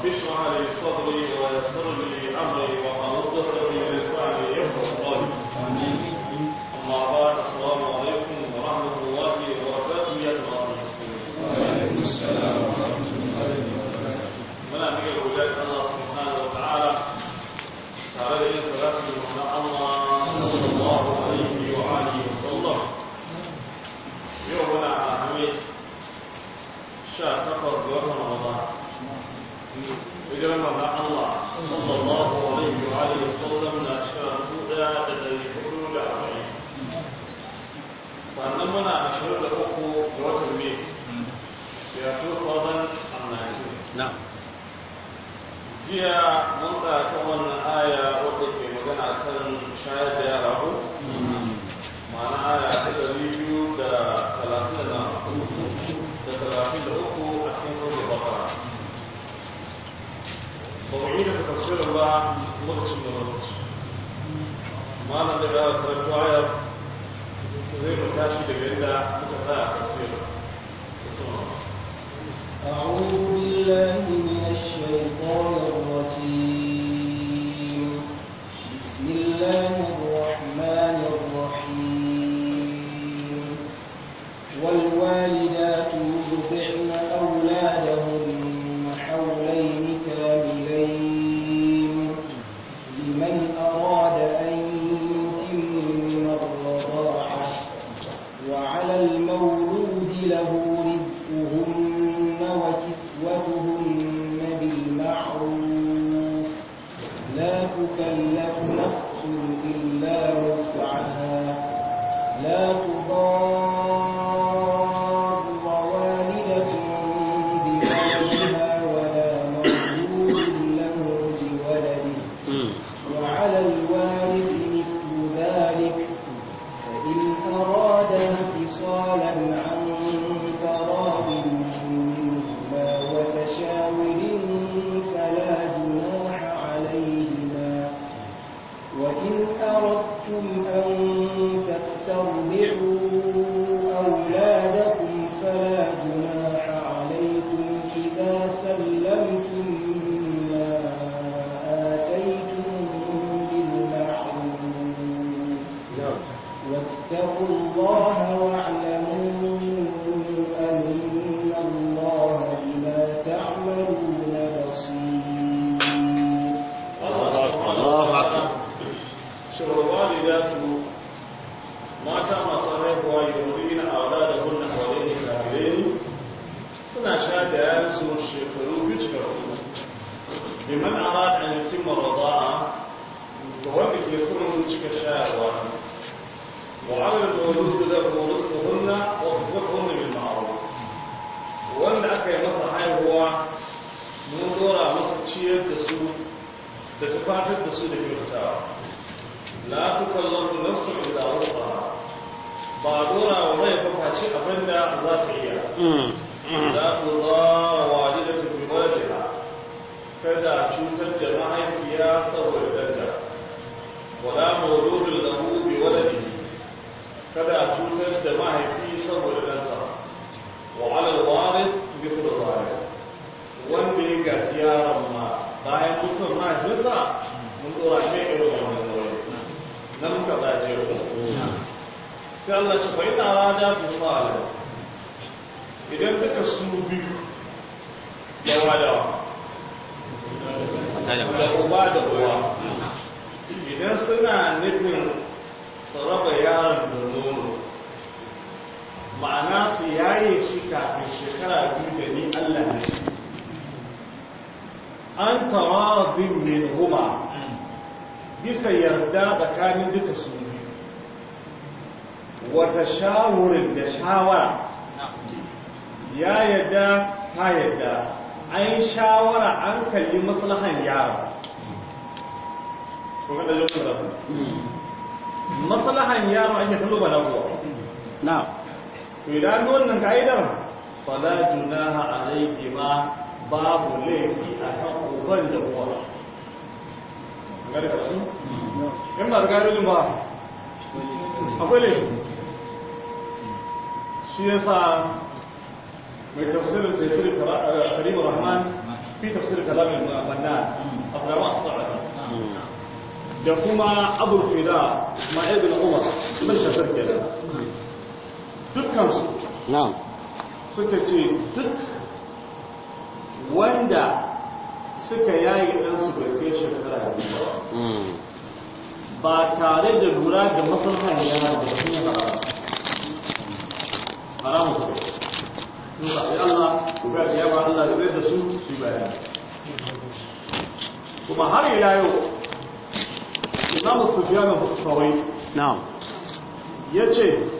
رب اشرح لي صدري ويسر لي امري وحل عقدة من لساني يفقهوا قولي اما بعد السلام عليكم ورحمه الله وبركاته يا جماعه المسلمين وعليكم السلام ورحمه الله وبركاته من امير ولايه الله سبحانه وتعالى تعالى الى صلاه الله صلى الله عليه وآله وسلم يومنا على الخميس شهر تقر hijiran manzon Allah sallallahu alaihi wa alihi wasallam na shekara dubu da dari hudu da arba'in sannan muna ashirin da uku ga watan mai ya two thousand and nineteen jiya mun tsaya kan wannan aya wadda ke magana kan shayar da yara ko ma'ana aya ta dari biyu da talatin da talatin da uku وأعينك تفسير الله مدة من الوقت ما أنا لغا كرت آية زي ما تاشي تفسير أعوذ بالله من الشيطان الرجيم بسم الله الرحمن الرحيم والوالدات karamci da kyautawa la tukallafu nafsun illa wusaha ba dora wa mai fafaci abin da za ta iya za da tudara ba shi ba. kada cutar da mahaifiya saboda danta wala mawludun lahu bi waladihi kada cutar da mahaifi saboda dansa wa ala al-warith bi kulli wanda ya gaji yaron ma bayan mutum mahaifinsa لم تضاجرهم سألنا فإن أراد فصالا إذا تكسروا به دوالوا da da ruwa idan suna nufin sarrafa yaron da nono ma'ana su yaye shi kafin shekara biyu da ni allah ne an tawa bin min huma bisa yarda tsakanin duka su wata shawarar da shawara ya yarda ta yarda an shawara an kalli maslahan yaro kuma da lokacin da maslahan yaro ake kallo ba lagowa na to idan wannan ka'idar fala junaha alayhi ma babu laifi a kan uban da kwara gari da yan ba gari da ba akwai ne shi ya sa mai tafsirin tafsirin karim rahman fi tafsirin kalamin banna a tsarawa a tsarata da kuma abul umar suka ce duk wanda suka yaye ɗansu da shekara hmm. ba tare da lura da masalhan yara da sun yi haramu su ba sun zaɓi Allah ku ga da ba Allah da da su su bayani kuma har yau imamu sufiyanu sawai ya ce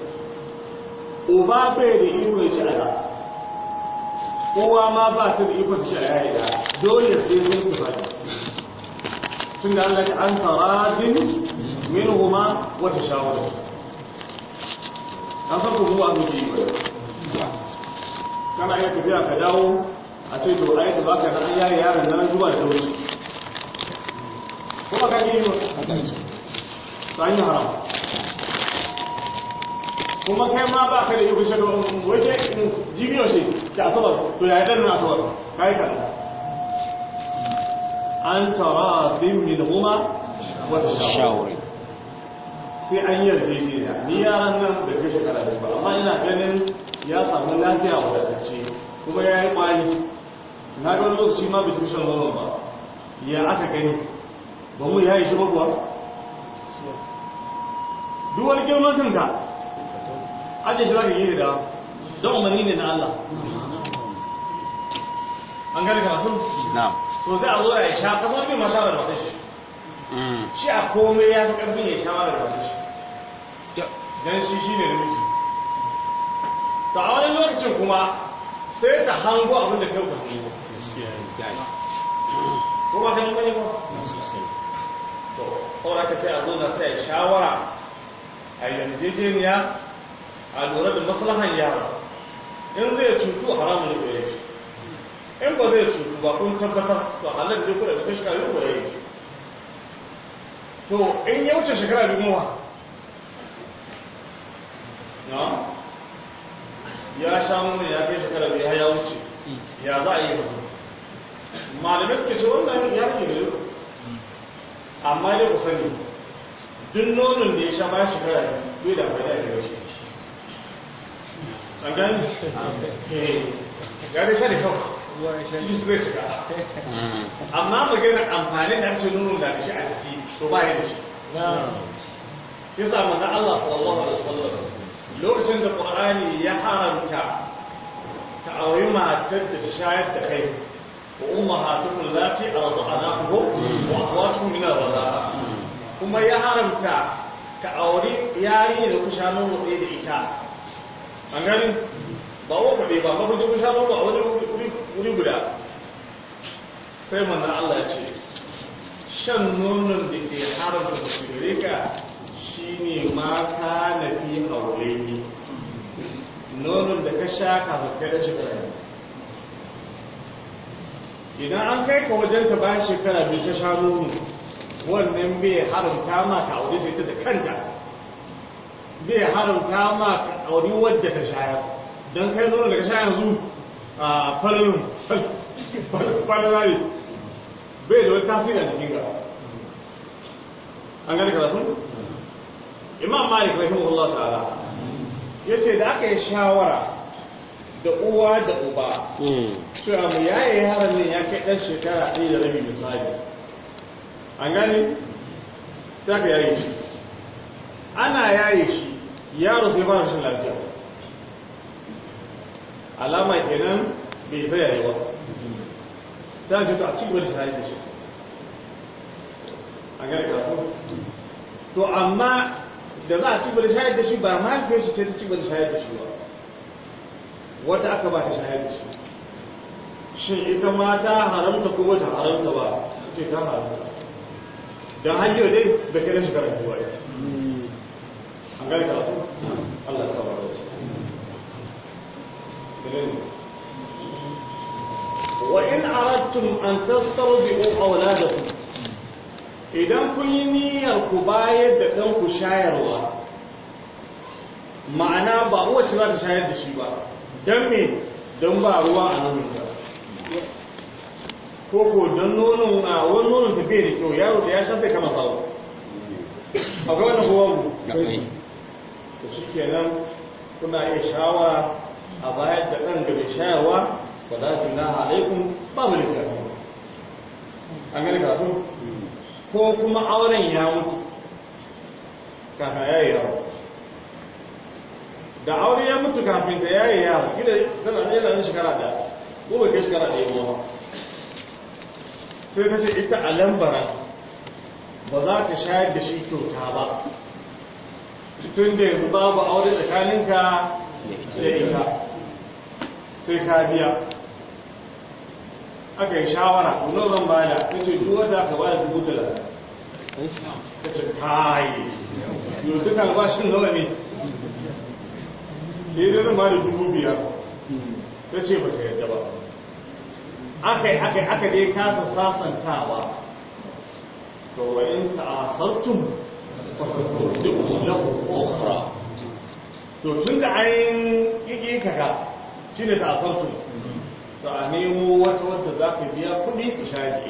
uba bai da irin shi'a kowa ma ba ta da ikon shi a yayi da dole sai sun ku da tun da Allah ya an faradin minhuma wa tashawur an san ku zuwa zuwa yi kana iya tafiya ka dawo a ce to ai da baka da yayi yaron nan zuwa da wuri kuma ka ji ba ta yi haram kuma kai ma ba ka da yi kusa da wace jibiyo ce ta asabar to ya dan na asabar yi kanta an tara bin min huma wata shawari sai an yarda ne da ni yaran nan da ke shekara da ba amma ina ganin ya samu lafiya wadatacce kuma ya yi kwari na ga shi ma bai shan nono ba ya aka gani ba mu ya yi shi ba kuwa duk wani girman kanka ajiye shi ba ka da don umarni ne na Allah an gani sun karatun to za a zo ya sha ka zama bin mashawarar mata shi mm. shi a komai ya fi ƙarfin ya sha mara mata shi don shi shi ne namiji to a wani lokacin kuma sai ta hango abin da kai ka hango ko ba ka yi bane ba so ka kai a zo na sai shawara a jejeniya. a lura da maslahan yara in zai cutu haramun ne shi in ba zai cutu ba kun tabbata to halar da kuɗa da kashi kayan koyi to in ya wuce shekara biyu kuma ya sha mun ya kai shekara da ya wuce ya za a yi ba malamai suke ce wannan ya ke da amma ya kusa sani duk nonon da ya sha ba shekara biyu da bai da ya wuce amma magana amfani da ake nuna da shi a jiki to ba yi da shi ya samu na Allah sallallahu alaihi wasallam lokacin da Qur'ani ya haramta ta auri matar da ta shayar da kai wa ummahatukum allati arda'anakum wa akhawatukum min ar-rida'a kuma ya haramta ta auri yarinya da kushano da ita an gani ba wa kuɗe ba ba kuɗe kun ba a wajen wuri guda sai manzan Allah ce shan nonon da ke haramta musulmi ka shi ne mata na fi aure ne nonon da ka sha kafin kai da ne idan an kai ka wajen ka bayan shekara biyu ta sha nonon wannan bai haramta ma ta aure sai ta da kanta zai haramta ma ka auri wadda ka shayar don kai zo da ka sha yanzu a farin farin bai da wani tasiri a cikin gaba an gani karatu imam malik rahimahullah ta'ala ya ce da aka yi shawara da uwa da uba hmm. cewa mu yaye yaran ne ya kai ɗan shekara ɗaya da rabi misali an gani sai ka yaye shi ana yaye shi yaro sai ba rashin lafiya alama kenan bai yaye ba ta ga a cikin da shahari da shi a gane kafin. to amma da za a ci da shayar da shi ba ma ke shi ce ta ci da shayar da shi ba wata aka ba ta shayar da shi shin ita ma ta haramta ko wata haramta ba ce ta haramta don hanyar dai da kare shi karanta ba gane ka su Allah ya saba da shi وإن أردتم أن تسترضعوا أولادكم idan kun yi niyyar ku bayar da kanku shayarwa ma'ana ba wacce za ta shayar da shi ba don me don ba ruwa a nonon ta ko ko don nonon a wani nonon ta bai da kyau yaro da ya san bai kama sawo akwai wani kowa mu to nan kuna iya shawara a bayar da ɗan da mai shayarwa ba za su na alaikum ba mu littafi an gani kasu ko kuma auren ya mutu kafin ya yi yawo da aure ya mutu kafin ta ya yi yawo gida tana ɗaya da shekara da ko bai kai shekara ɗaya ba sai ta ce ita a lambara ba za ta shayar da shi kyauta ba tun da yanzu babu aure tsakaninka da ita sai ka biya aka yi shawara wani zan bada ta ce duk wata ka bada dubu talatin Ka ce kai yau duk albashin nawa ne ke yi zan bada dubu biyar ta ce ba ta yadda ba aka yi aka yi aka dai kasa sasantawa to wa in ta asartun وسترجعون له أخرى to yi shi ne to a nemo wata za biya kuɗi ku karatu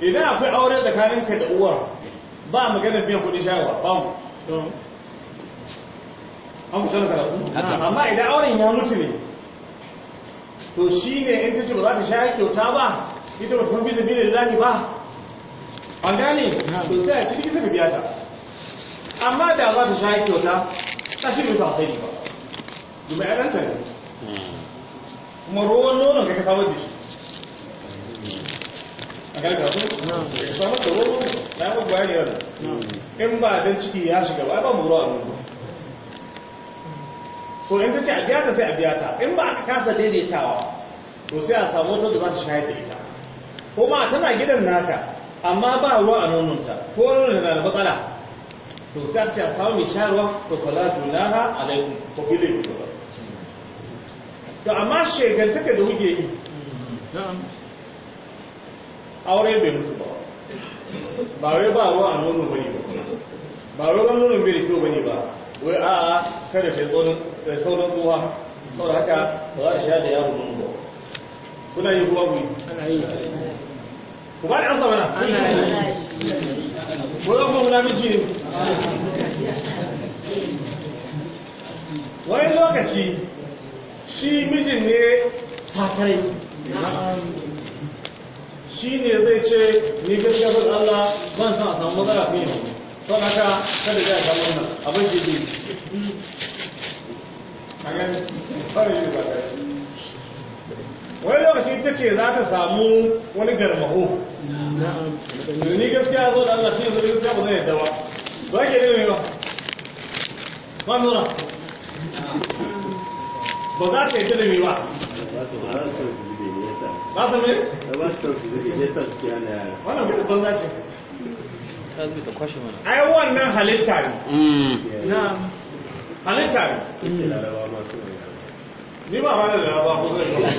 idan akwai aure tsakanin ka da uwar ba magana biyan kuɗi shayarwa ba mu an kusa karatu amma idan auren ya mutu ne to shi ne in ta ce ba za ta shayar kyauta ba ita ba ta san da bi da ba an gane to sai a cikin sai biya ta amma da za ta sha kyauta ta shi bisa sai ba kuma ya ranta ne kuma ruwan nonon ka kawo da shi a gane kasu ya samu da ruwan ya yi bayani yana in ba dan ciki ya shiga ba ba mu ruwa a nono so in ta ce a biya ta sai a biya ta in ba a kasa daidaitawa to sai a samu wata da za ta shayar da ita kuma tana gidan naka amma ba ruwa a nononta ko na da to saa ta mai sharwa ko salatu laha alaikum ko to amma shegantaka da kuke yi aure bai mutu ba ba wai ba a nono bane bai kyau bane ba a'a kada sai tsoron ba za a sha da ku ba da ansa mana ko zan ba munafici ne wani lokaci shi mijin ne sakai shi ne zai ce ni gaskiya ba Allah ban san a samu matsala fiye da to haka kada ya samu wannan abin a ganin fara yi ba wani lokaci ta ce za ta samu wani garmaho ni gaskiya zo da Allah shi yanzu gaskiya ba zai yadda ba ba ke ne mai ba ba nuna ba za ta yi da mai ba ba ta mai? ba ta mai wannan gudu banza ce ai wannan halitta ne na mm. halitta ne mm. ni ba ba da larabawa ko zai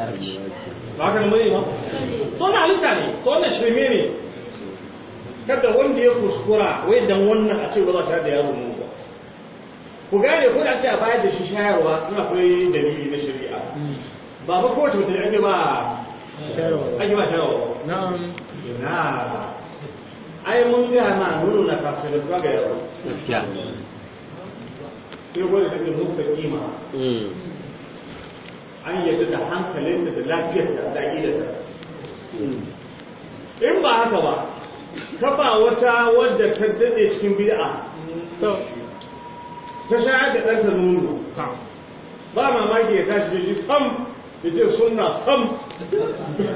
larabci ba ka nemi ba so na halitta ne so wannan shirme ne kada wanda ya kuskura wai dan wannan a ce ba za ta da yaro mu ba ku gane ko da ce a bayar da shi shayarwa in akwai dalili na shari'a ba ba kowace mutum an ba an ba shayarwa na'am na ai mun ga na, nono na tafsirin ba ga yaro gaskiya sai wani da ke musta kima mm. an yadda da hankalinta da lafiyarta da aƙidarta in ba haka ba kafa wata wadda ta daɗe cikin bid'a ta sha da ɗanta nono ba mamaki ya tashi da shi sam ya ce sunna sam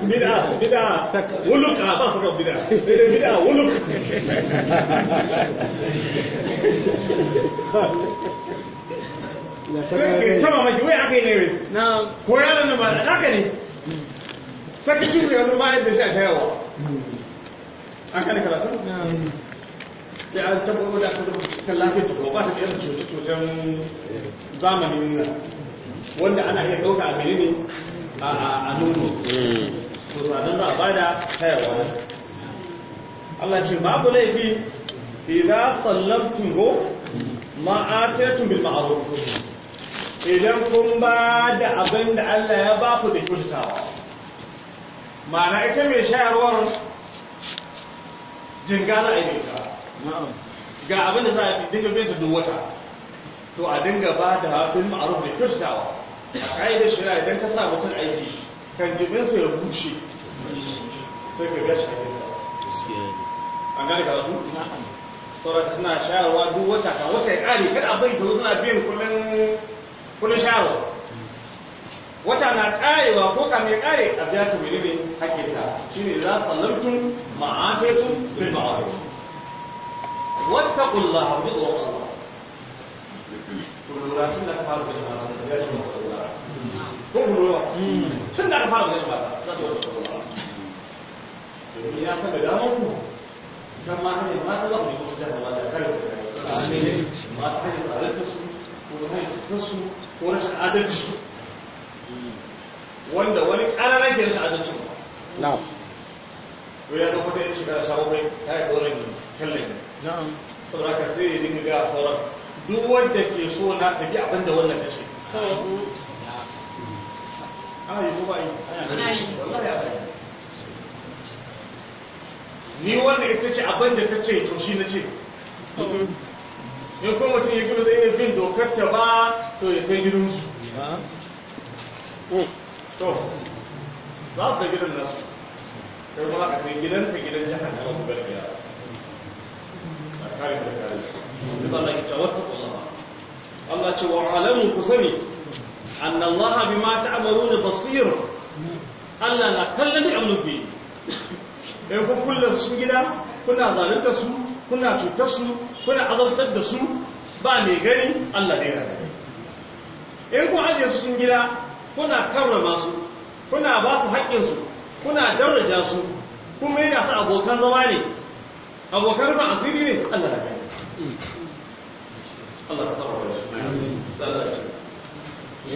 bid'a bid'a wuluk a ba haka bid'a bid'a wuluk kai ta mamaki aka yi ne ko yaron nan ba da haka ne sakacin da yanzu ba yadda shi a tayawa an kana karatu sai an tabbatar da aka kan lafiyar ta ba ta tsayar da cuce-cucen zamanin wanda ana iya ɗauka a menene a nono to sanan za a bada tayawa Allah ce babu laifi idan sallamtum go ma'ataytum bil ma'ruf idan kun ba da abin da Allah ya ba ku da kyautatawa ma'ana ita mai shayarwar jinga na a yi ga abin da za a dinga bin ta duk wata to a dinga ba da abin ma'aruf da kyautatawa a ka'idar shari'a idan ka sa mutum aiki kan jibinsa ya bushe sai ka gashi a yansa an gane ka na'am saboda suna shayarwa duk wata kan wata ya kare kada abin da suna biyan kullum kudin sharo wata na karewa ko kan ya kare a biya ta milibe hakkinta shine za sallamtum Wata bil ma'ruf wattaqullaha bi Allah kullu rasul la fa'al bil ma'ruf ya Allah ko kullu sun hmm. da fa'al bil ma'ruf za su Allah ya saka damar kan ma hanyar mata za mu yi kusa da mata kare ku mata hanyar su ko ma'aikatansu ko rashin adalci wanda wani ƙararar ke rashin adalci ba to ya zama da shiga da shawo mai ta yi tsoron kallon ne saboda ka sai ya dinga ga sauran duk wanda ke so na tafi abin da wannan ta ce. ana yi ko ba yi ana yi wallahi ya bayi ni wanda ita ce abin da ta ce to shi na ce mm-hmm. in kuma mutum ya gina zai iya bin dokar ta ba to ya kai gidansu to za su da gidan nasu kai kuma ka kai gidan ka gidan jihar na wasu garbiya a kare da kare su da Allah ya tawata Allah Allah ce wa alamu ku sani annallaha amaru da basir Allah na kallon da amnubi dan ku kullu su gida kuna zalunta su kuna cutar su kuna azabtar da su ba mai gani Allah ne rayu in ku ajiye su sun gida kuna karrama su kuna ba su haƙƙinsu kuna daraja su kuma yana su abokan zama ne abokan rufe asiri ne Allah da kai Allah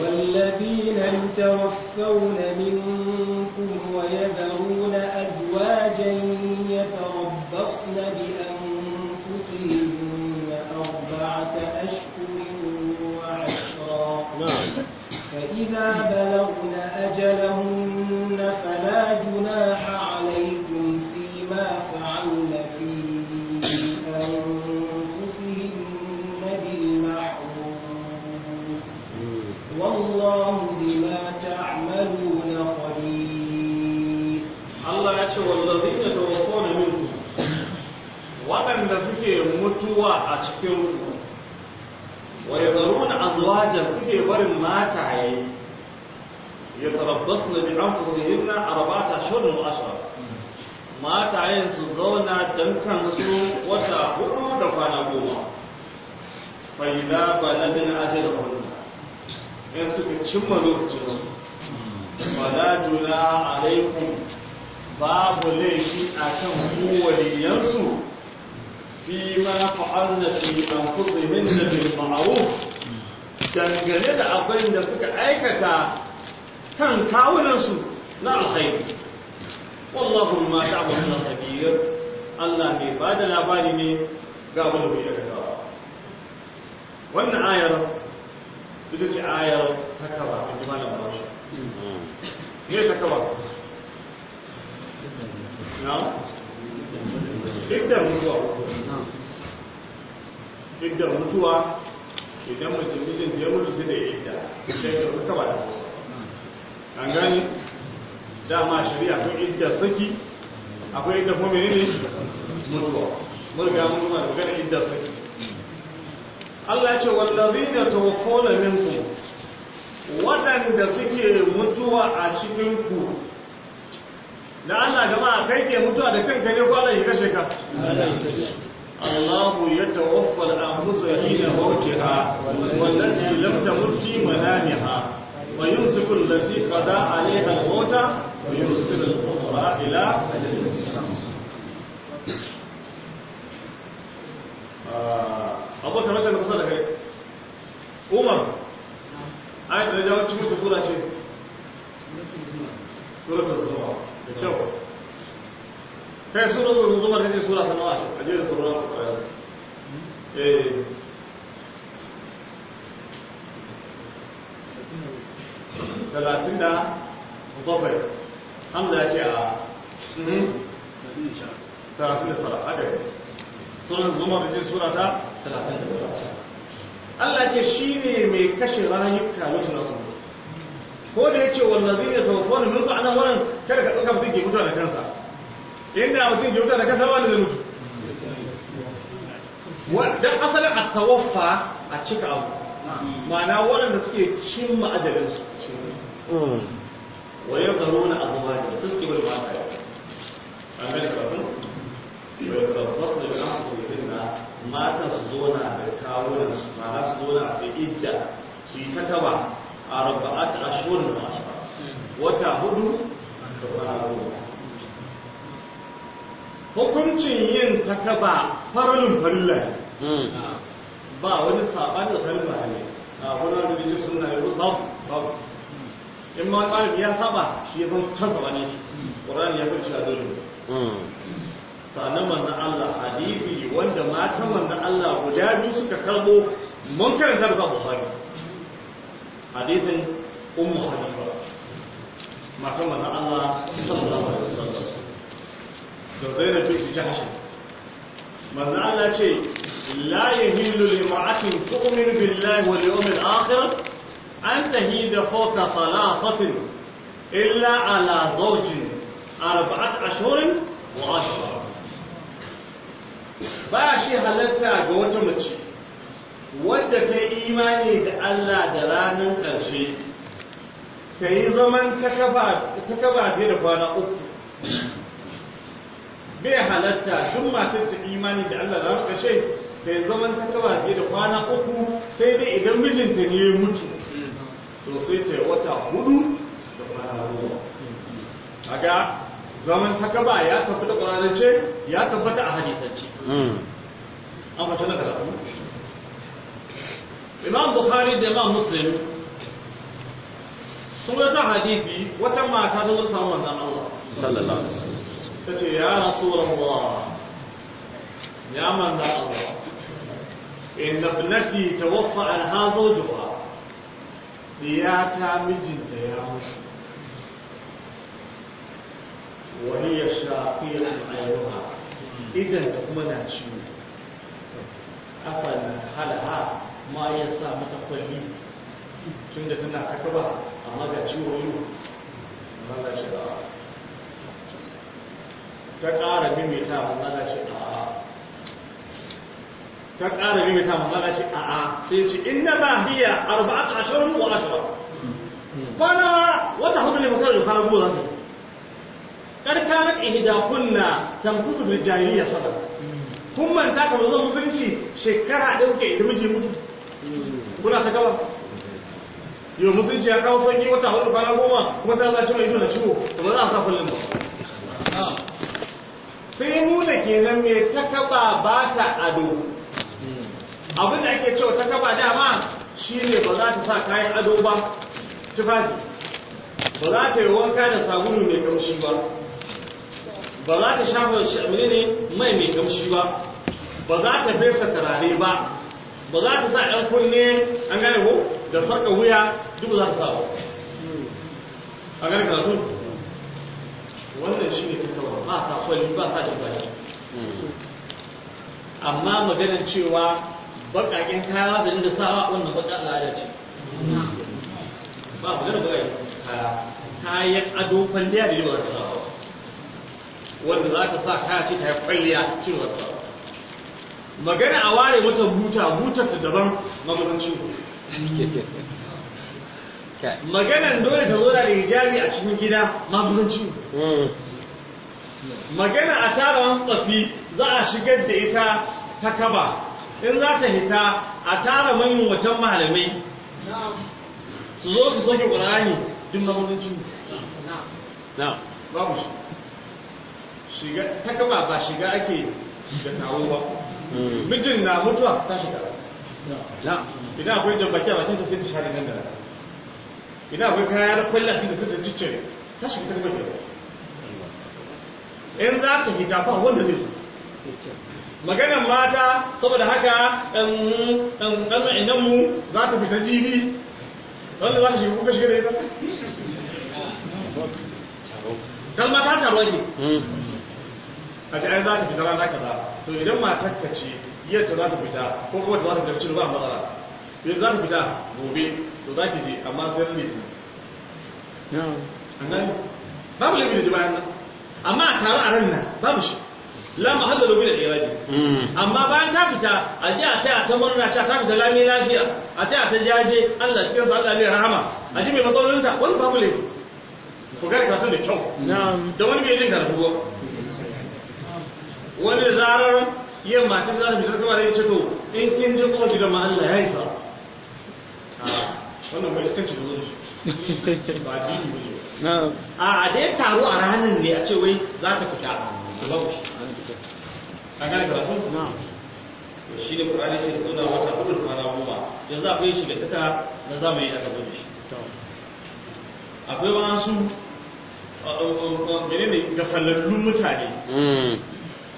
والذين يتوفون منكم ويذرون أزواجا يتربصن بها إذا بلغن أجلهن فلا جناح عليكم فيما فعلن في أنفسهن بالمعروف والله بما تعملون خبير الله يقول والذين توفون منكم وأن فيه متوى أشكركم wa ya zaruna azwajan suke barin mataye يتربصن بأنفسهن أربعة أشهر وأشهر matayen su zauna don kansu wata hudu da kwana goma fa'ida ba na bin ajiyar hulun in suka cimma lokacin ba da juna a babu laifi a kan kowaliyansu fi mana na dangane da abin da suka aikata kan kawunansu na alkhairi wallahu ma ta'maluna khabir Allah ne ba da labari ne ga abin da ya wannan ayar ita ce ayar ta a jimanin bashi ne hmm. takawa na iddar mutuwa iddar mutuwa idan mutum mijin da ya mutu sai da ya idda sai da mutuwa da kusa. an gani dama shari'a ko idda saki akwai idda kuma menene mutuwa murga mun ma magana idda saki Allah ya ce wallazina tawaffawna minkum waɗanda suke mutuwa a cikin ku da Allah jama'a kai ke mutuwa da kanka ne Allah ya kashe ka Allahu ya tawaffal anfusa hina mawtiha wallati lam tamut fi manamiha ويمسك التي قضى عليها الموتى ويرسل الاخرى الى اجل آه، ابو كما كان قصده هي عمر اي رجال تشوف تقول شيء سورة الزمان سورة الزمان تشوف هي سورة الزمان هي سورة الزمان هي سورة الزمان إيه. talatin da bakwai hamza ce a talatin da tara sunan zuma da jin sura talatin da tara Allah ce shi ne mai kashe rayuka wajen nasu ko da ya ce wallazi ne tawafa mun ba'ana wannan kada ka ɗauka mutum ke mutu da kansa inda mutum ke mutu da kansa wani zai mutu dan asalin a tawaffa a cika abu ma'ana waɗanda suke cimma ajalinsu ويظهرون أزواجهم تسكب الواقع أمريكا ويتفصل بنفسه منها ما تصدون بالكاونا ما تصدون في إدة في تكبع أربعة أشهر وعشرة وتهدوا hukuncin yin takaba faralin farilla ba wani saɓani da farilla ne a wani wani bijin suna yi babu babu in ma wani ya saba shi ya san can sabanin shi ƙorani ya fi shi a dole hmm. sannan manzan Allah hadisi wanda matan manzan Allah guda biyu suka karbo mun karanta da Bukhari hadisin ummu hanifa Matan manzan Allah sallallahu alaihi wasallam da zainab bint jahsh manzan Allah ce la yahillu li ma'atin tu'minu billahi wal yawmil akhir an tahi da fauka salafatin illa ala zaujin arba'at ashurin wa ashra ba shi halatta ga wata mace wadda ta yi imani da Allah da ranar ƙarshe ta yi zaman ta kaba da kwana uku bai halatta tun matar ta da Allah ta yi zaman ta da kwana uku sai dai idan mijinta ne ya mutu to sai ta wata hudu da kwana goma kaga zaman sakaba ya tabbata ƙwararrace ya tabbata a hadisance hmm. an fata na karatu imam bukhari da imam muslim sun wata hadisi wata mata ta zo samu manzan Allah sallallahu alaihi wasallam tace ya rasulullah ya manzan Allah inna ibnati tawaffa an hadha zawjuha ta mijinta ya mutu wani ya shafi ya ayyuka idan da kuma na ciwo aka na halaha ma ya sa mata kwalli tun da tana ba amma ga ciwo yi mana shi da ta ƙara mimita mana shi da ta ƙara bi ta mamma ce a'a a sai ce inna ba hiya arba'atu ashrun wa ashra bana wata hudu ne mutane da fara gudu zan karkarar ihdakunna tanfusu bil jahiliya sadaka kun manta ka zo musulunci shekara da kuke da miji mutu kuna ta gaba yau musulunci ya kawo sanyi wata hudu kwana goma kuma ta zaci mai ido na ciwo da ba za a sa kullum ba sai nuna kenan mai takaba ba ta ado abin da ake cewa ta kaba dama shi ne ba za ta sa kayan ado ba tufafi ba za ta yi wanka da sabulu mai kamshi ba ba za ta shafa shamini ne mai mai kamshi ba ba za ta fesa karare ba ba za ta sa ɗan kunne an gane ko da sarka wuya duk za ta sa ba a gane zo wannan shi ne ta kafa ba sa kwalli ba sa jin hmm. amma maganin cewa barkakin kaya da da sawa wannan baka al'ada ce ba mu gana baƙaƙen kaya kayan ado kwalliya da yawa sawa wanda za ka sa kaya ce ta yi kwalliya ce wa sawa magana a ware mata buta buta ta daban mamalancin maganan dole ta zo da hijabi a cikin gida magudanci magana a tara wasu tsafi za a shigar da ita ta kaba in za ta hita a tara manyan wajen malamai su zo su soke ƙurani duk na cin na babu shiga ta kama ba shiga ake da tawo ba hmm. mijin na mutuwa ta shiga na idan akwai jambaki a bakin ta sai ta shari nan da nan idan akwai kayan kwallon da ta ciccire ta shiga ta gaba in za ta hita ba wanda zai zo maganar mata saboda haka ɗan ɗan mu za ta fita jibi wanda za ta shiga kuka shiga da ita dan mata ta rage hmm. a ce ai za ta fita rana kaza to idan matar ka ce yadda za ta fita ko kuma za ta fita cikin ba matsala idan za ta fita gobe to za ki je amma sai ran litinin babu laifin da ji bayan nan amma a taru a ran nan babu shi la da lobi da ɗaya Mm. amma bayan ta fita a ji a ta ta murna ta ta fita lami lafiya a ta ta jaje Allah cikin su Allah ne rahama a ji mai ta wani babu ne ku ka kasu da kyau da wani mai jin karatu ba wani zarar yin mata su zata fitar kuma da ya ce to in kin ji kuma da ma Allah ya yi sa wannan bai cikin cikin shi. ba dini ba ne a dai taru a ranar ne a ce wai za ta fita babu ka gane karatu to shi ne qur'ani ce zauna wata hudu da kwana goma yanzu akwai shi ga taka na zamani aka gudu shi akwai wasu menene gafalallun mutane hmm.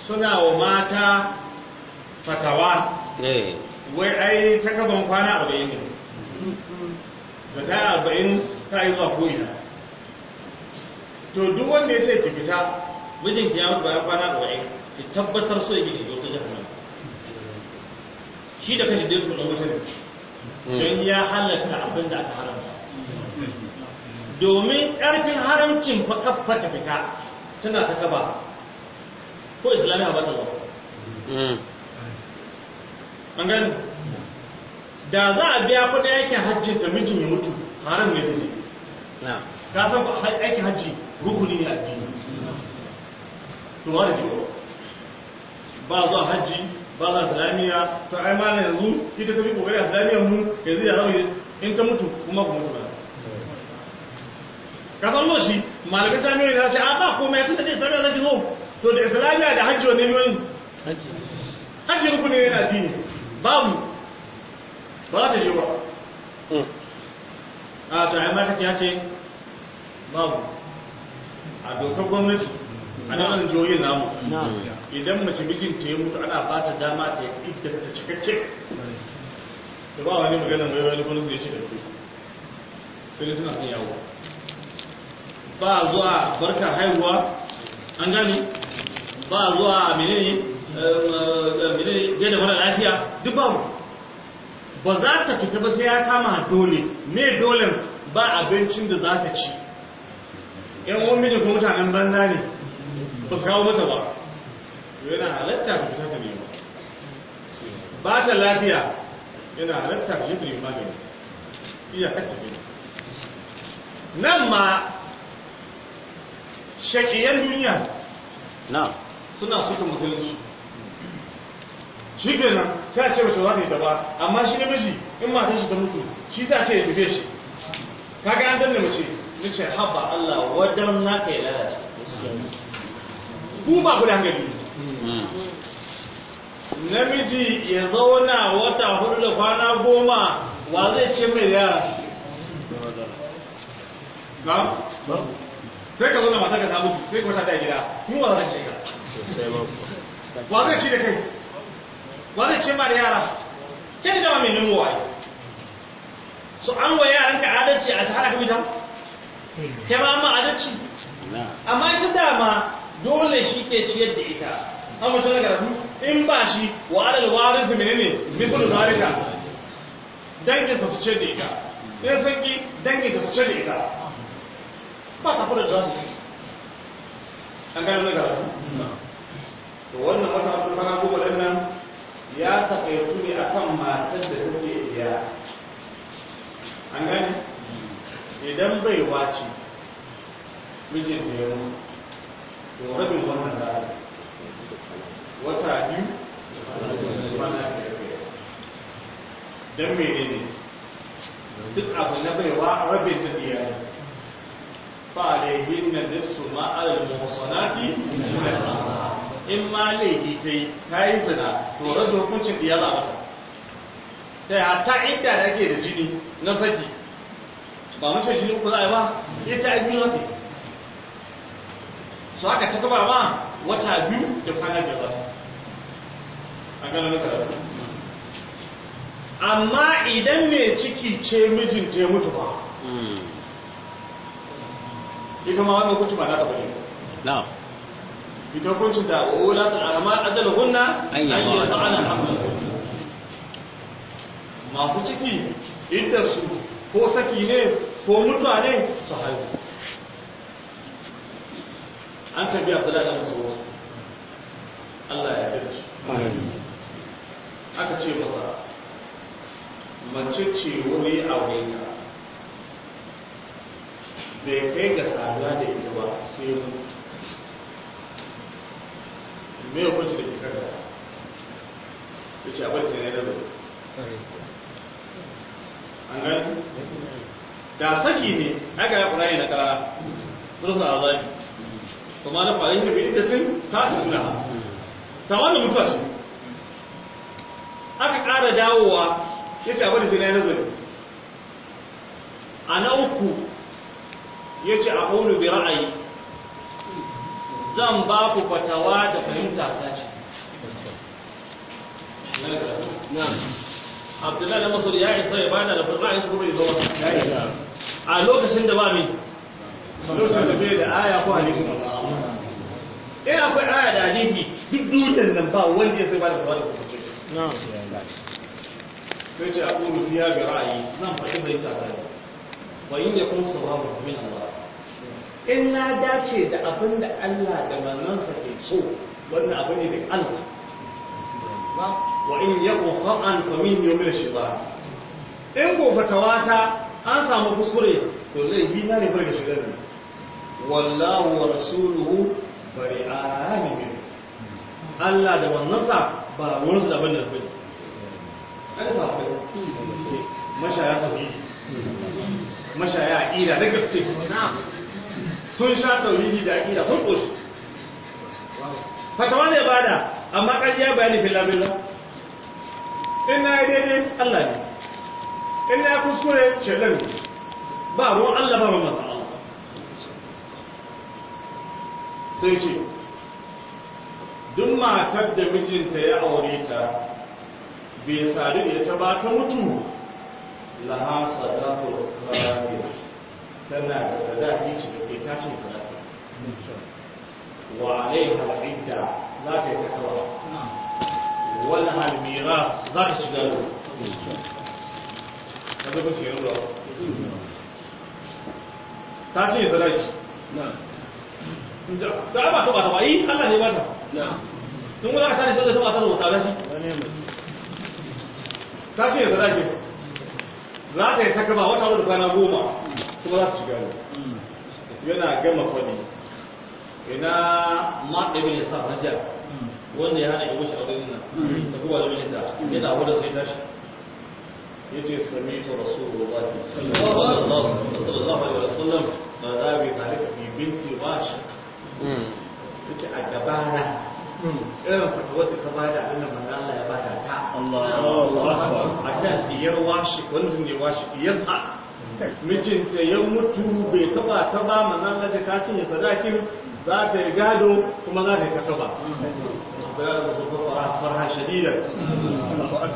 suna wa mata fatawa eh. wai ai ta gaban kwana arba'in ne da ta arba'in ta yi zuwa ko'ina to duk wanda ya ce ki fita mijinki ya mutu bayan kwana arba'in ya tabbatar so yake shiga wata jahannama shi da kashi dai kuna wuta ne don ya halatta abin da aka haramta domin ƙarfin haramcin fa kafa ta fita tana ta kaba ko islamiyya ba ta ba hmm. an gani da za a biya kuɗi aikin hajji ta mijin ya mutu haram ya fi ka san aikin hajji rukuni ne a biyu to da jiwo ba zuwa hajji ba za islamiya to ai na yanzu ita ta fi kokari a islamiyar mu yanzu ya rauni in ka mutu kuma ku mutu ba ka san mu shi malaka islamiyar ya ce a ba komai tun da islamiyar zai zo to da islamiyar da hajji wani yoyin hajji rukuni ne na dini babu ba ta je ba hmm. a to ai malaka ce ya ce babu a dokar gwamnati a nan jihohin namu idan mace mijinta ya mutu ana ba ta dama ta idda ta cikakke da ba wani magana mai wani wani zai ce da ku sai dai suna kan yawo ba zuwa barka haihuwa an gani ba zuwa menene eh, eh, menene da mara lafiya duk babu ba za ta fita ba sai ya kama dole me dole ba abincin da za ta ci yan wani mijin ko mutanen banza ne ba su kawo mata ba yana halatta ku ta ka ba ba ta lafiya yana halatta ku yi magani iya hajji ne nan ma shakiyan duniya na suna suka musulunci shi ke nan sai a ce mace za ta yi daba amma shi ne miji in matan shi ta mutu shi za ce ya tafiye shi kaga an danne mace ce haba Allah wajen na kai lalata duba ku da hankali hmm. namiji ya zauna wata hudu da kwana goma wa zai ce mai yara ba sai ka zo na mata ka samu sai kuma ta ta gida mu ba za ta ce ka wa zai ce da kai wa zai ce ma yara kai da mai nemo wa? so an wa yaran ka adalci a ta hada ka Ta kai ma adalci amma ita dama dole shi ke ciyar da ita amma tana daga rabu in ba shi wa adal warin ta menene mitul zarika dangin ta su ciyar da ita in san ki dangin ta su ciyar da ita ba ta fara jawabi an gano daga rabu hmm. to wannan wata abu mana ko wadannan ya takaitu ne akan matar da take iya an gani hmm. idan bai wace mijin da ya mutu to rabin wannan da wata biyu mene ne duk abu na baiwa rabin ta iyali fa laihin na nisu ma'al muhsanati in ma laifi ta yi ta yi zina to rabin hukuncin iyali a mata sai hatta inda da ake da jini na saki ba mace jini ku za a ba ya ta yi biyu So haka ta gaba ba wata biyu da kwanar da za su. a gane maka da amma idan mai ciki ce mijin ta mutu ba ita ma wannan kuci ba na taɓa ne na ita kuncin da wula ta arama ajal hunna an yi ana hamdan masu ciki inda su ko saki ne ko mutuwa ne su haihu an tabi abdullahi da masu Allah ya yarda shi aka ce masa mace ce wuri a wurinka bai kai ga saduwa da ita ba sai mu me ya kwanci da ke kada ya ce abin ne na bai an gani da saki ne aka yi kura ne na kara sun sa a zai kuma na faɗin da bai da tun ta suna ta wani mutuwa ce aka ƙara dawowa ya ce abin da tuna ya nazari a na uku ya ce a ƙonu bi ra'ayi zan ba ku fatawa da fahimta ta ce Abdullahi da Masul ya isa ya bada da fatawa ya shi kuma ya zo a lokacin da ba mai lokacin da bai da aya ko hadisi in akwai aya da hadisi duk dutsen nan ba wanda ya sai ba da kuma da kuma sai ce a ƙuru fiya ga ra'ayi zan faɗi bai ta ra'ayi wa in ya kun sababu min Allah in na dace da abin da Allah da manansa ke so wannan abu ne daga Allah wa in ya kun fa'an fa min yawmin shiba in ko tawata an samu kuskure to zai bi na ne bar ga shigar ne wallahu wa rasuluhu bari'ani min Allah da sa ba wurin da bane bane kada ba ba mashaya tauhidi mashaya aqida da gaske sun sha tauhidi da aqida sun koshi fatawa ne bada amma ƙarya bayani filla billa in na daidai Allah ne in na kuskure shedan ba ruwan Allah ba mamman sai ce duk matar da mijinta ya aure ta bai sadu da ta ba ta mutu laha sadaku kafir tana da sadaki ce da ke tashin sadaki wa alaiha idda za ta yi takawa Wani halmira za ta shiga ruwa ta zaba ke ruwa ta ce sadaqi to ba ta ba ta yi Allah ne ba ta tun wani aka tare da ta ba ta rubuta da shi sashi ne za ke za ta yi takaba wata wadda kwana goma kuma za su shiga yana gama kwani ina ma ibn yasa raja wanda ya hana yi wuce auren nan da kuma da mijinta yana wadda sai tashi yace sami'tu rasulullahi sallallahu alaihi wasallam ma zabi talika fi binti washa Hmm. yake a gabana hmm. irin fatuwar da ka bada abin da manzala ya bada ta Allah a ta diyar washi wani mutum ne washi diyarsa hmm. mijinta ya mutu bai taba ta ba manzala ta ta cinye sadakin za ta yi gado kuma za ta yi takaba farha shadidar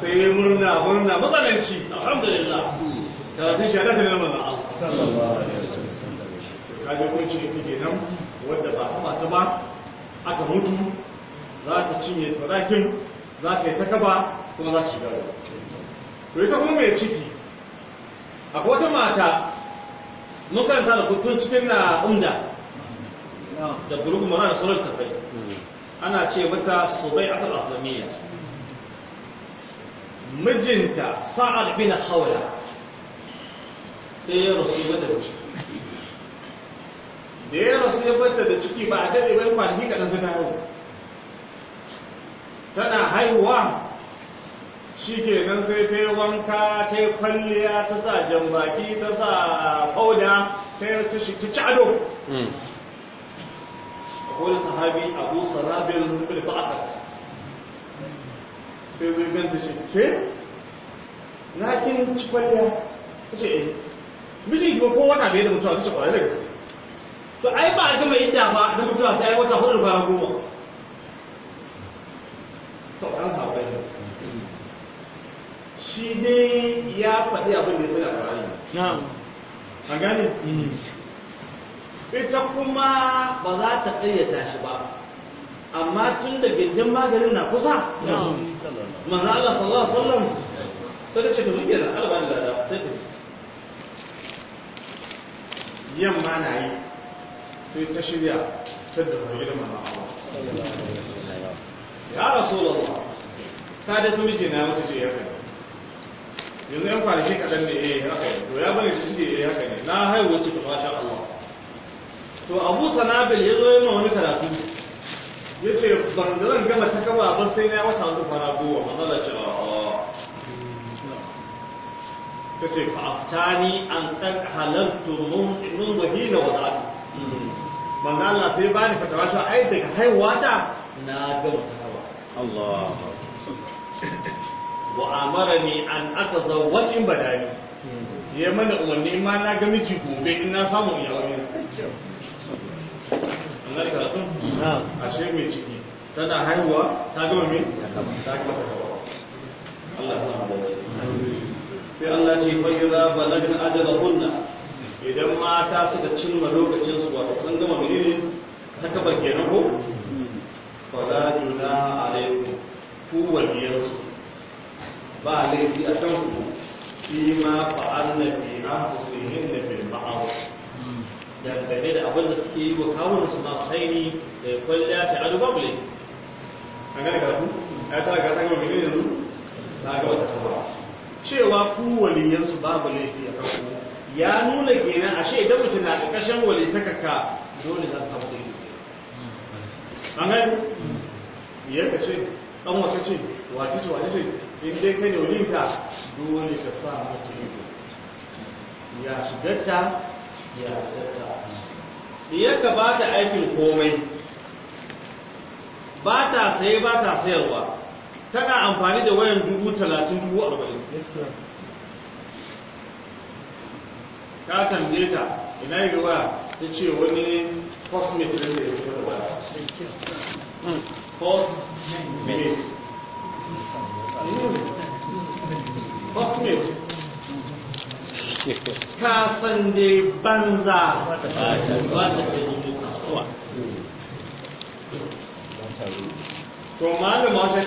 sai ya murna murna matsananci alhamdulillah karatun shi a dace na manzala Allah sallallahu alaihi wasallam kaga kun ce ita nan. wadda ba kuma ta ba aka mutu za ta cinye sadakin za ta yi ta kaba kuma za ta shiga ruwa to ita kuma mai ciki A wata mata mun ta da kuttun cikin na umda da gurugu mara da sauran tafai ana ce mata subai aka aslamiyya mijinta sa'ad bin hawla sai ya rasu mata da da ya rasu ya fata da ciki ba a daɗe bai kwanaki kaɗan ta yau tana haihuwa shi ke nan sai ta yi wanka ta yi kwalliya ta sa jambaki ta sa fauda ta yi ta shi ci ado hmm. akwai sahabi abu sarabin rufin aka sai zai ganta shi ke na kin ci kwalliya ta ce eh mijin ki ba kowa na da mutuwa ta ce kwarai da gaske to ai ba a gama idda ba na mutuwa sai ai wata hudu ba goma sauran sabai shi dai ya faɗi abin da ya sani a ƙarari a gane mm. ita kuma ba za ta ƙayyata shi ba amma tun da gindin maganin na kusa manzo Allah sallallahu alaihi wasallam sai da shi shi kenan alban da sai yamma na yi sai ta shirya ta da bayyana mana ya rasulullah ta da miji na muka ce ya kai yanzu yan kwanaki kaɗan ne ya yi haka ne to ya bane su suke ya yi haka ne na haihuwa ce ta masha Allah to abu sanabil ya zo yana wani karatu ya ce ban da zan gama ta kaba ban sai na wata wata kwana goma manzala ce ta ce fa aftani an kan halartu mun zahina wa zaɓi manzo Allah sai ba ni fatawa cewa ai daga haihuwa ta na gama sahaba Allah wa amarani an atazawwaj in badani ya mana umarni ma na ga miji gobe in na samu ya wani Allah ka a ashe mai ciki tana haihuwa ta gama mai ta ga fatawa Allah ya samu dace sai Allah ce fa idza balagna ajalahunna idan mata suka cimma lokacin su wato sun gama menene ta kaba kenan ko fala juna alaiku ku waliyan su ba laifi a kan ku shi ma fa'alna ku anfusihim da bil ma'ruf dangane da abin da suke yi wa kawo su ma alkhairi da kwalliya ta adu babu laifi an gane ku ya ta ga ta gama menene su ta ga wata cewa ku waliyan su babu laifi a kan ku ya nuna kenan ashe idan mutum na ƙarƙashin wale ta kaka dole za ka mutu an gani ya ka ce ɗan wata ce wace ce wace ce in dai kai ne walinka dole ka sa mata ido ya shigarta ya datta ya ka ba ta aikin komai ba ta saye ba ta sayarwa tana amfani da wayan dubu talatin dubu arba'in ka tambaye ta ina yi gaba ta ce wani cosmet da zai yi waya hmm. ka san dai banza ba ta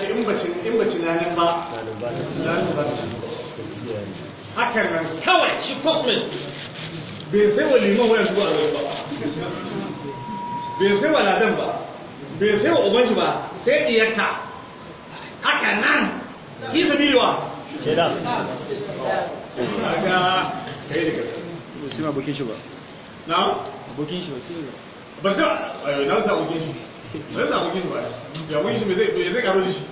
in bacin in bacin hakan kawai shi bai sai wa liman wayar zuwa wani ba bai sai wa ladan ba bai sai wa ubanci ba sai diyarta haka nan shi da biyuwa shaidan ga kai da kai sai ma bokin shi ba na bokin shi ba sai ba ta ayo na ta bokin shi ba ta bokin shi ba ya bokin shi me zai me zai karo shi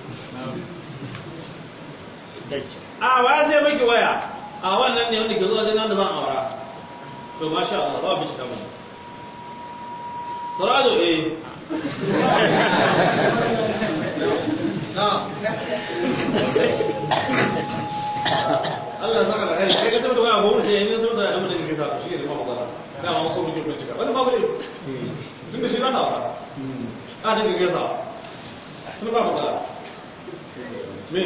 a wa zai maki waya a wannan ne wanda ke zuwa wajen da zan aura to masha Allah ba bishi tamu sarado eh Allah zaka da kai kai ka tabbata ba mu sai ne zo da abin da kike sa shi ne ba magana da ba so mu ji bincika wani ba bane din da shi na ba a da kike sa sun ba magana me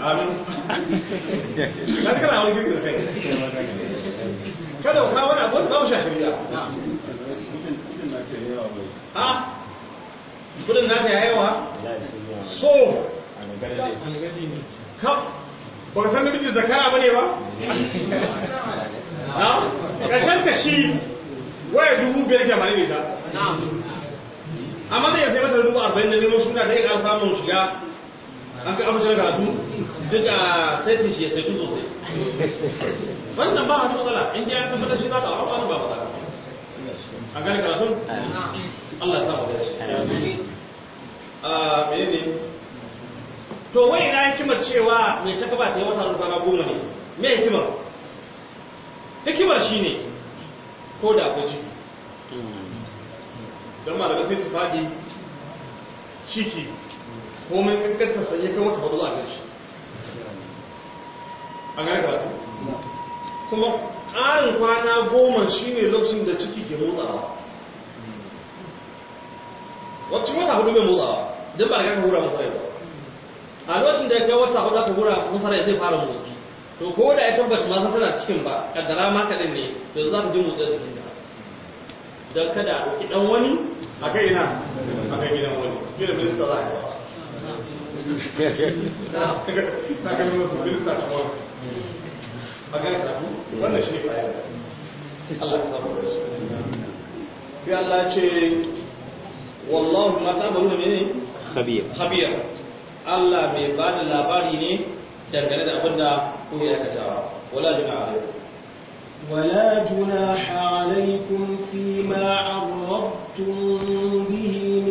dan kana wani gidi da kai kada ka wani abu ah, ba mu a kudin na ta yawa so ka san da mijin zakara bane ba ha kashan ta shi dubu biyar da mani ne ta amma da ya sai arba'in da neman suna da ya ƙarfa mun an ga abuja karatu duk a saifin shi ya saifin sosai wannan ba a wani matsala in ya tafi da shi za ka al'amma ba ba matsala an gane karatun Allah ta wadda shi a mene to wai ina hikimar cewa mai ta gaba ta yi wata rukwana goma ne me hikimar hikimar shi ne ko da ko ciki don malamai sai tufaɗi ciki komai kankanta sai ya kama ka faru a gashi a gane ka kuma ƙarin kwana goma shi ne lokacin da ciki ke motsawa wacce wata hudu mai motsawa don ba da ka hura masa ba a lokacin da ya kai wata hudu aka hura masa rai zai fara motsi to ko da ya tabbata masu tana cikin ba kaddara ma kaɗan ne da za ta ji motsi da jikin don kada a ɗan wani a kai ina a kai gidan wani gidan minista za a yi ba. Allah sai Allah ce wallahu ma ta baru da Allah mai ba da labari ne dangane da abin da ya aikatawa wala alaikum wala alaikum bihi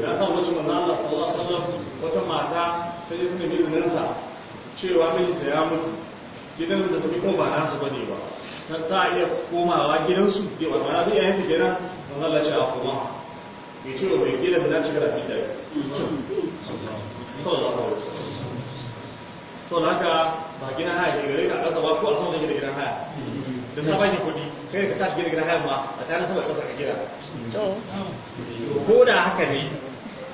ya sa wasu manzan Allah sallallahu alaihi wasallam wata mata ta yi cewa mijinta ya mutu gidan da suke kuma ba nasu bane ba ta ta iya komawa gidansu ya ba ma zai yanke gidan Allah kuma ya ce wa mai gidan cika da haka ba gidan haya ke gare ka kasa ba ko a sama da gidan haya da ta bani kuɗi kai ka tashi gidan hayan ma a tsarin sama da ƙasa ka gida ko da haka ne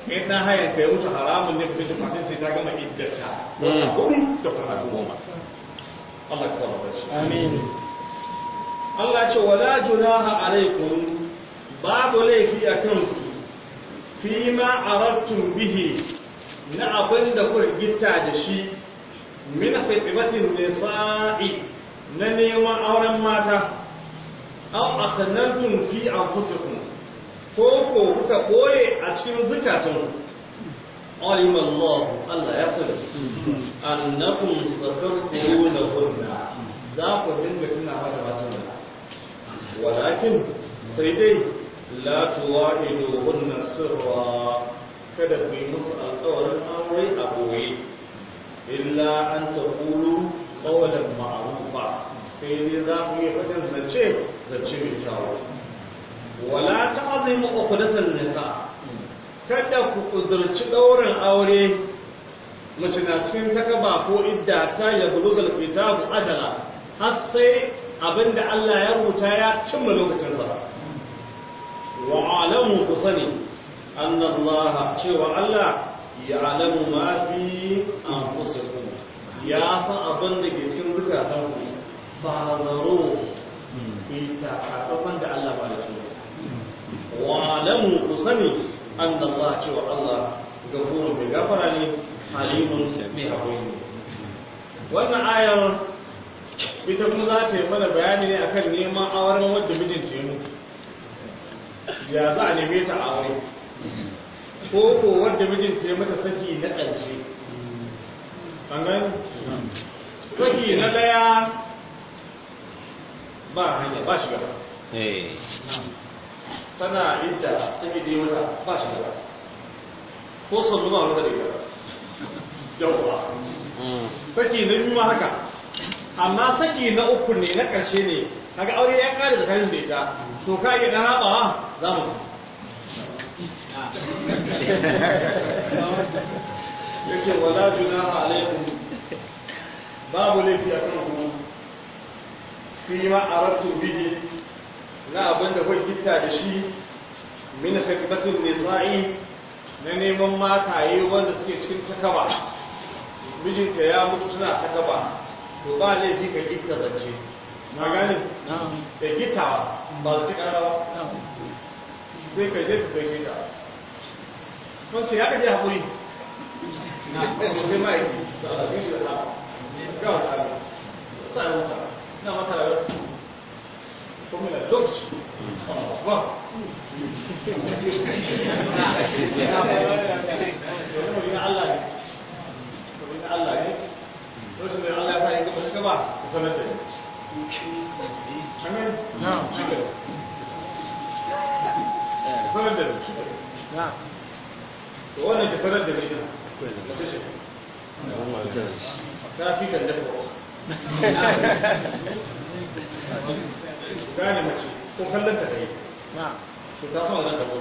in na hayan ka ya wuce haramun ne kuma fatin sai ta gama iddarta wata hudu mm. da kwanaki goma Allah ka saba shi amin Allah ce wa wala junaha alaikum babu laifi a kanku fi ma arattum bihi na abin da kuka gitta da shi min khidmatin nisa'i na neman auren mata aw akanantum fi anfusikum ko ko kuka koye a cikin zukatun alim Allah Allah ya kula annakum satazkuruna hunna za ku dinga tunawa da matan da walakin sai dai la tuwa'idu hunna sirra kada ku yi musu alƙawarin aure a boye illa an taqulu qawlan ma'rufa sai dai za ku iya faɗin zance zace mai kyawu wala ta azimu ukudatan nisa kada ku kudurci ɗaurin aure mace na cikin takaba ko idda ta ya bulugal kitabu adala har sai abinda Allah ya rubuta ya cimma lokacinsa wa alamu ku sani annallaha cewa Allah ya alamu ma fi anfusikum ya san abin da ke cikin zukatanku فاعذروا انت hmm. حقا عند الله بالتو allah قسمي أن الله سوى الله غفور بغفر لي حليم ne? wannan ayar ita kuma za ta yi mana bayani ne akan neman auren wadda mijin ya za a neme ta aure ko ko wadda mijin ta mata saki na ƙarshe an gani saki na ɗaya ba hanya ba shiga eh. tana yadda take dai wata ba shiga ko sannu wani wata da yau ba. Mm. saki na biyu ma haka amma saki na uku ne na ƙarshe ne kaga aure ya kare tsakanin da ita to ka iya dan haɓa za mu yake wala junaha alaikum babu laifi a kan hukunci fi ma arattum bihi na abin da kuka kitta da shi min hakikatin nisa'i na neman mataye wanda suke cikin takaba mijinka ya mutu tana takaba to ba laifi ka kitta zance na gane da gittawa ba da cikin ba. sai ka je ka kai gita sun ce ya kaje haƙuri na kuma sai ma'aiki da alaƙi da haƙa ga wata alaƙa sa'ayi wata na maka rayuwar su kuma da duk ba Allah ne Allah ne wasu Allah ka sanar da ni na sanar da ni na to wannan gane mace ko kallon ta kai to ta fa zan tabo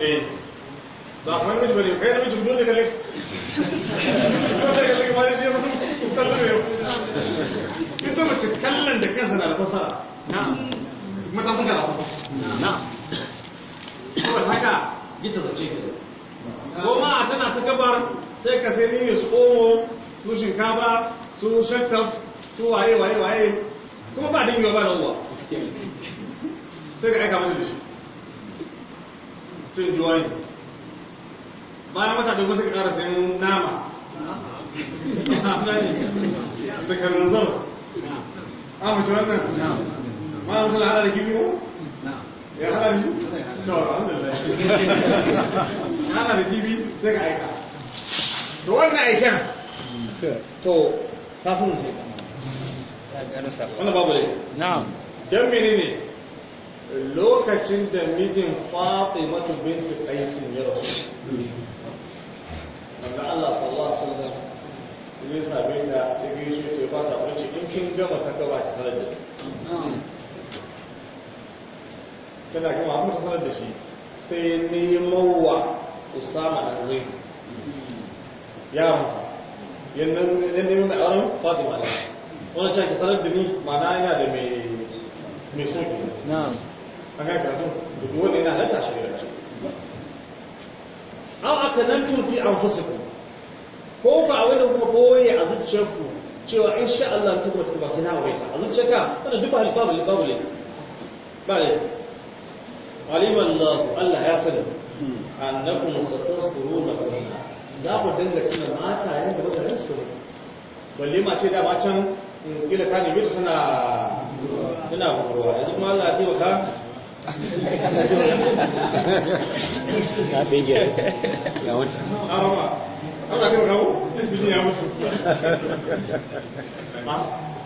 eh ba kuma miji bane kai da miji dole kalle ko da kalle ma shi ko kallon yau ita mace kallon da kansa da alfasa na'am mata kun kala na'am saboda haka gita zace ki goma tana ta gabar sai ka sai ni su shinkafa su shakkaf su waye waye waye kuma ba da yiwa ba da uwa sai ga aika mana da shi sai juwa ne bayan wata dogon suka ƙara sayan nama da karin zama a mace wannan ma mutu da da kibi ko ya hada da shi to alhamdulillah hada da kibi sai ga aika to wannan aikin to kafin sai babu na'am hmm. dan menene lokacin da mijin mata binti Qais ya rasu wanda Allah sallallahu alaihi wasallam ya sabe da ya gaishe shi ba ta wuce in kin gama ta gaba ta sanar da tana gama amma ta sanar da shi sai nemowa Usama da zai hmm. ya musa yadda ne nuna auren fatima ne wanda ta ke sanar da ni ma'ana yana da mai soke a kan kasu duk wanda yana halatta shi da shi an aka nan turki an fusuku ko ba a wani kuma boye a zuciyarku cewa in sha Allah ta kuma tuba sai na waita a zuciyarka wanda duk ba babu ne babu ne ba ne aliman Allah ya sani annakum sattasquruna wa za ku dinga cin mata da mutanen su ne balle ma ce da macen gila ka nemi ta tana tana ruwa yanzu kuma Allah ya ce baka ka bege ya wuce wani Allah rawo din bi ya mutu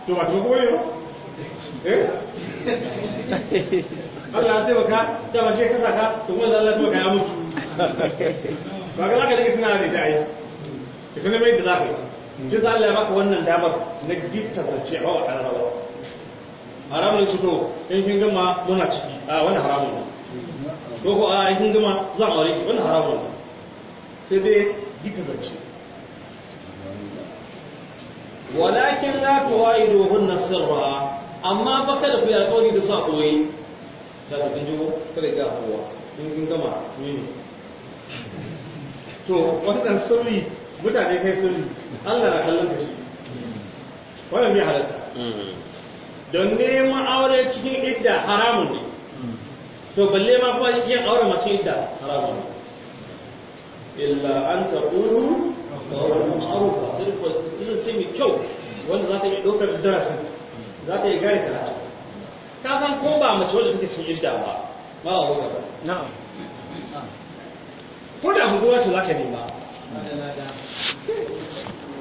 to ba to goyo eh Allah ya ce baka da ba shi ka saka to kuma Allah ya ce baka ya mutu ba ga zaka dinga tunawa da ita ai ka tuna mai da zaka yi hmm. shi Allah ya baka wannan damar na gitta zance ba wa kana ba haramun su to in kin gama muna ciki a wani haramun ne hmm. ko ko a kin gama zan aure shi wani haramun ne sai dai gitta zance walakin la tuwaiduhunna sirra amma ba kada ku yi alƙawari da sa koyi sai kun jibo kada ga kowa in kin gama mene to wannan sirri mutane kai sirri Allah na kallon ka shi wannan bai halatta don neman aure cikin idda haramun ne to balle ma fa yin aure mace idda haramun ne illa an taqulu qawlan ma'rufa sai irin ce mai kyau wanda za ta yi ɗaukar darasin za ta yi gane karatu ka san ko ba mace wanda suka cikin idda ba ba wa ba na'am ko da abubuwa ce za ka nema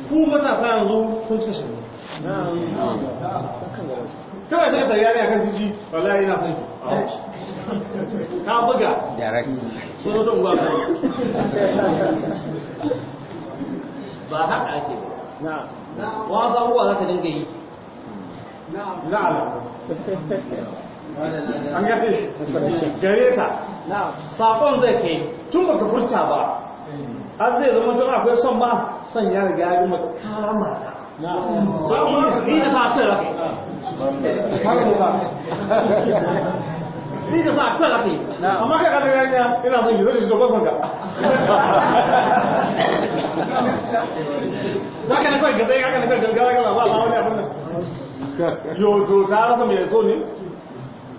ku mata ta yanzu kun ci shi kawai da ta yare akan jiji wallahi ina son ka buga sun don gwa ba haka ake ba wa za ruwa za ka dinga yi na'am an gafe gare ta saƙon zai kai tun baka furta ba har zai zama don akwai son ba son ya riga ya gama kama ta saƙon ni da sa ta ni da sa ta amma kai kada ina son ki zai shi da kwasan ka za ka ka na kawai gaggawa ba ba wani abin nan to ta rasa mai so ne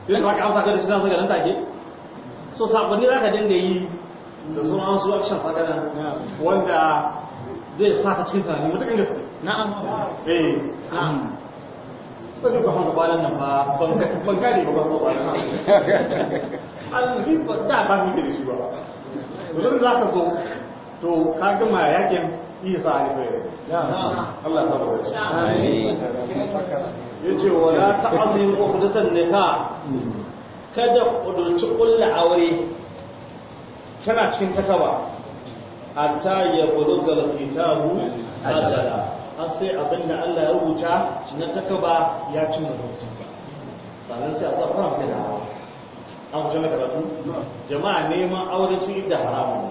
yadda ba ka amsa ka da shi na zaga nan take so sakonni za ka dinga yi da sunan su action fadana wanda zai sa ka cikin tunani mutukin gaske na'am eh na'am sai ka fara balan nan ba ban ka ban ka ba ba ba an yi ba da ba mu da shi ba mutum za ka so to ka gama yakin isa alifai Allah ta bada shi yace wala ta'zimu uqdatan nikah kada kudurci kulla aure tana cikin takaba hatta ya bulugal kitabu ajala har sai abinda Allah ya rubuta na takaba ya cin mutuncinsa sannan sai Allah fara mai da hawa an kusa na karatu jama'a neman aure shi da haramun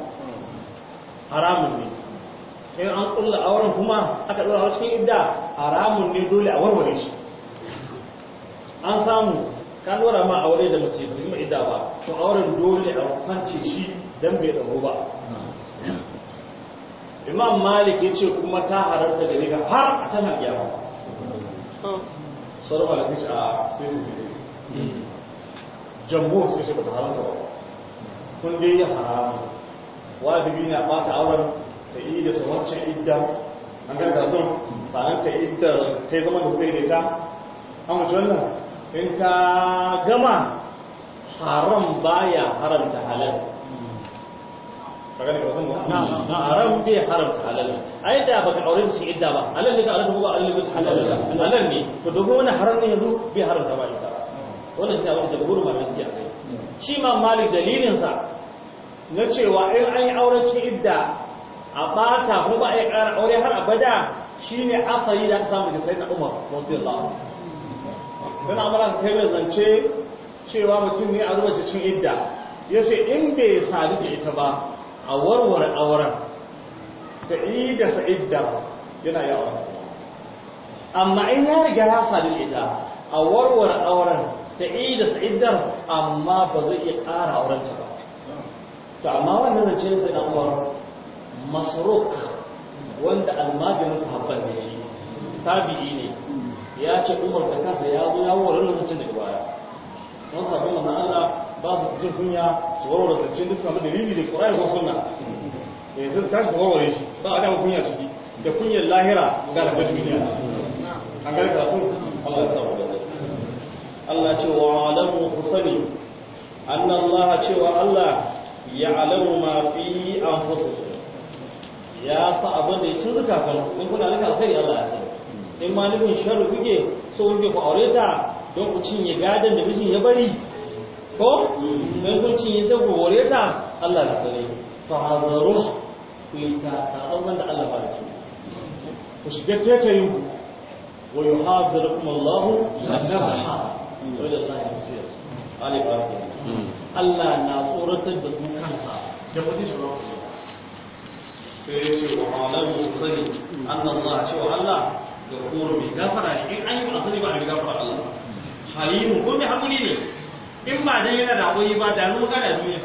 haramun ne Sai an kulla auren kuma aka ɗora cikin idda haramun ne dole a warware shi an samu ka dora ma aure da mace ba mai da ba to auren dole a kwance shi dan bai dawo ba imam malik ya ce kuma ta haranta da riga har ta ba gyara da kici a sai su fi jambo sai ce ba haranta ba kun dai ya haramu wajibi na bata auren da yi da sawancin idda an da sun sa'an ka idda kai zama da kai da ta an wajen in ka gama haram baya haramta halal na haram bai haramta halal ai da baka aure shi idda ba halal ne ka aure ba halal ne halal ne to duk wani haram ne yanzu bai haramta ba ita wannan shi abin da guru ma mai siya kai shi ma malik dalilin sa na cewa in an yi aure shi idda a bata kuma ba a yi ƙara aure har abada shine asali da aka samu da sayyidina umar radiyallahu anhu don amuran kai mai zance cewa mutum ne a zuwa cin idda ya ce in bai sadu da ita ba a warware auren da sa idda yana yawa amma in ya riga ya sadu da ita a warware auren da sa idda amma ba zai iya ƙara auren ta ba to amma wannan zance sai na uwar masruk wanda almajirin sahabban ne shi tabi'i ne ya ce umar da kansa ya zo ya wura lokacin daga baya don sabon wani Allah ba su cikin kunya su wawara zancen duk samu dalili da ƙura'ar ko sunna eh zai tashi su waware shi ba a dama kunya ciki da kunyar lahira ga da duniya a gari karatu Allah ya samu da Allah ce wa alamu kusani annan Allah ce wa Allah ya alamu ma fi an anfusukum ya sa abin da ya cin zakatan in kuna naka alkhairi Allah ya sani in ma nufin sharu kuke so kuke ku aure ta don ku cinye gadon da mijin ya bari ko don kun cinye sai ku hore ta Allah da tsare fa hazaru ku yi ta tsawon da Allah ba da ku ku shiga tetayin ku wa yuhadirukum Allah wa Allah hmm. Allah na tsoratar da kansa da wani shi, sai ya ce wa Allah gafuru mai gafara ne in an yi ba sani ba a gafara Allah halimu ko mai hakuri ne in ba dan yana da hakuri ba da mun kana duniya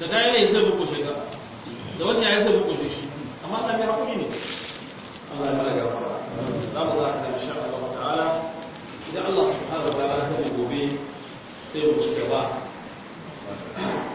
da dai ne zai buku da wata yayin zai shi amma mai hakuri ne Allah ya mala gafara za mu da insha Allah ta'ala idan Allah subhanahu wa ta'ala ya gobe sai mu ci gaba